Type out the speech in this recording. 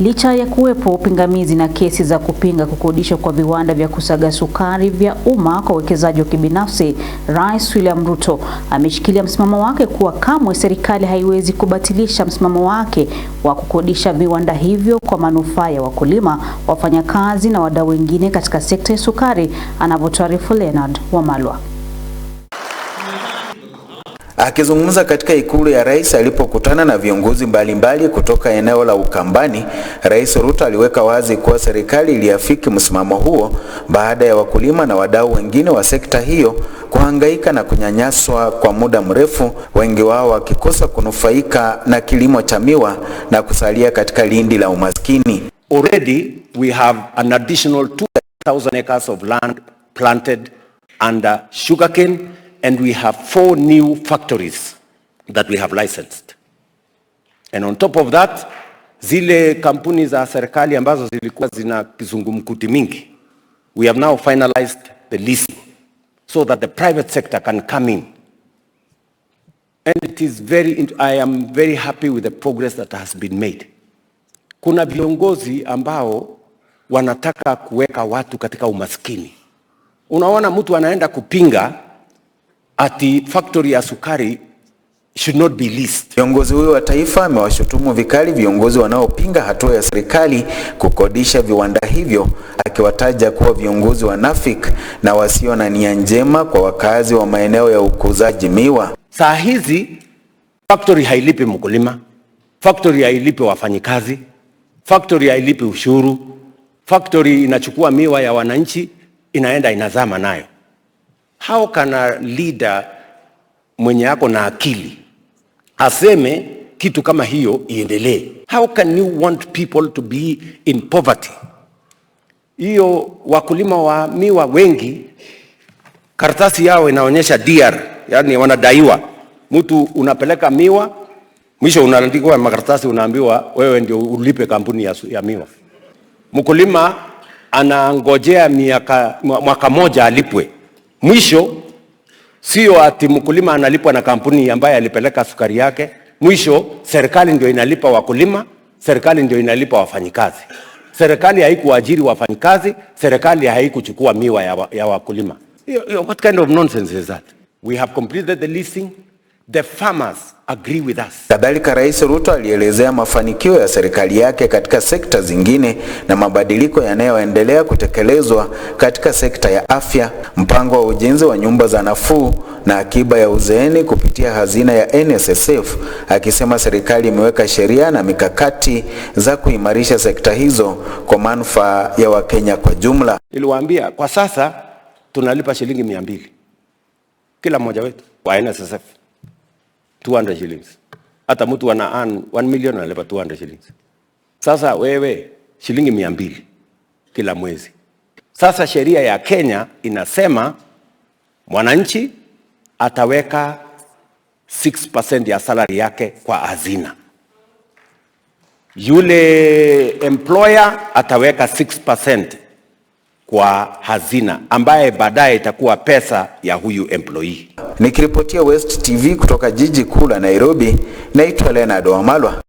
Licha ya kuwepo pingamizi na kesi za kupinga kukodishwa kwa viwanda vya kusaga sukari vya umma kwa uwekezaji wa kibinafsi, Rais William Ruto ameshikilia msimamo wake kuwa kamwe serikali haiwezi kubatilisha msimamo wake wa kukodisha viwanda hivyo kwa manufaa ya wakulima, wafanyakazi na wadau wengine katika sekta ya sukari, anavyotuarifu Leonard Wamalwa. Akizungumza katika ikulu ya rais alipokutana na viongozi mbalimbali mbali kutoka eneo la Ukambani, Rais Ruto aliweka wazi kuwa serikali iliafiki msimamo huo baada ya wakulima na wadau wengine wa sekta hiyo kuhangaika na kunyanyaswa kwa muda mrefu, wengi wao wakikosa kunufaika na kilimo cha miwa na kusalia katika lindi la umaskini. Already we have an additional 2000 acres of land planted under sugarcane and we have four new factories that we have licensed. And on top of that, zile kampuni za serikali ambazo zilikuwa zina kizungumkuti mingi, we have now finalized the list so that the private sector can come in. And it is very, I am very happy with the progress that has been made. Kuna viongozi ambao wanataka kuweka watu katika umaskini. Unaona mtu anaenda kupinga ati factory ya sukari should not be leased. Viongozi huyo wa taifa amewashutumu vikali viongozi wanaopinga hatua ya serikali kukodisha viwanda hivyo, akiwataja kuwa viongozi wanafiki na wasio na nia njema kwa wakazi wa maeneo ya ukuzaji miwa. Saa hizi factory hailipi mkulima, factory hailipi wafanyikazi, factory hailipi ushuru, factory inachukua miwa ya wananchi inaenda inazama nayo. How can a leader mwenye ako na akili aseme kitu kama hiyo iendelee? How can you want people to be in poverty? Hiyo wakulima wa miwa wengi karatasi yao inaonyesha DR, yani wanadaiwa. Mtu unapeleka miwa, mwisho unaandikwa makaratasi, unaambiwa wewe ndio ulipe kampuni ya, ya miwa. Mkulima anangojea miaka mwaka moja alipwe Mwisho sio ati mkulima analipwa na kampuni ambaye alipeleka sukari yake. Mwisho serikali ndio inalipa wakulima, serikali ndio inalipa wafanyikazi. Serikali haikuajiri wafanyikazi, serikali haikuchukua miwa ya, wa, ya wakulima. What kind of nonsense is that? We have completed the leasing. The farmers agree with us. Kadhalika, Rais Ruto alielezea mafanikio ya serikali yake katika sekta zingine na mabadiliko yanayoendelea kutekelezwa katika sekta ya afya, mpango wa ujenzi wa nyumba za nafuu na akiba ya uzeeni kupitia hazina ya NSSF, akisema serikali imeweka sheria na mikakati za kuimarisha sekta hizo kwa manufaa ya Wakenya kwa jumla. Niliwaambia kwa sasa tunalipa shilingi mia mbili kila mmoja wetu wa NSSF 200 shillings. Hata mtu ana earn 1 million analipa 200 shillings. Sasa wewe shilingi mia mbili kila mwezi. Sasa sheria ya Kenya inasema mwananchi ataweka 6% ya salary yake kwa hazina. Yule employer ataweka 6% kwa hazina ambaye baadaye itakuwa pesa ya huyu employee. Nikiripotia West TV kutoka jiji kuu la Nairobi, naitwa Leonard Wamalwa.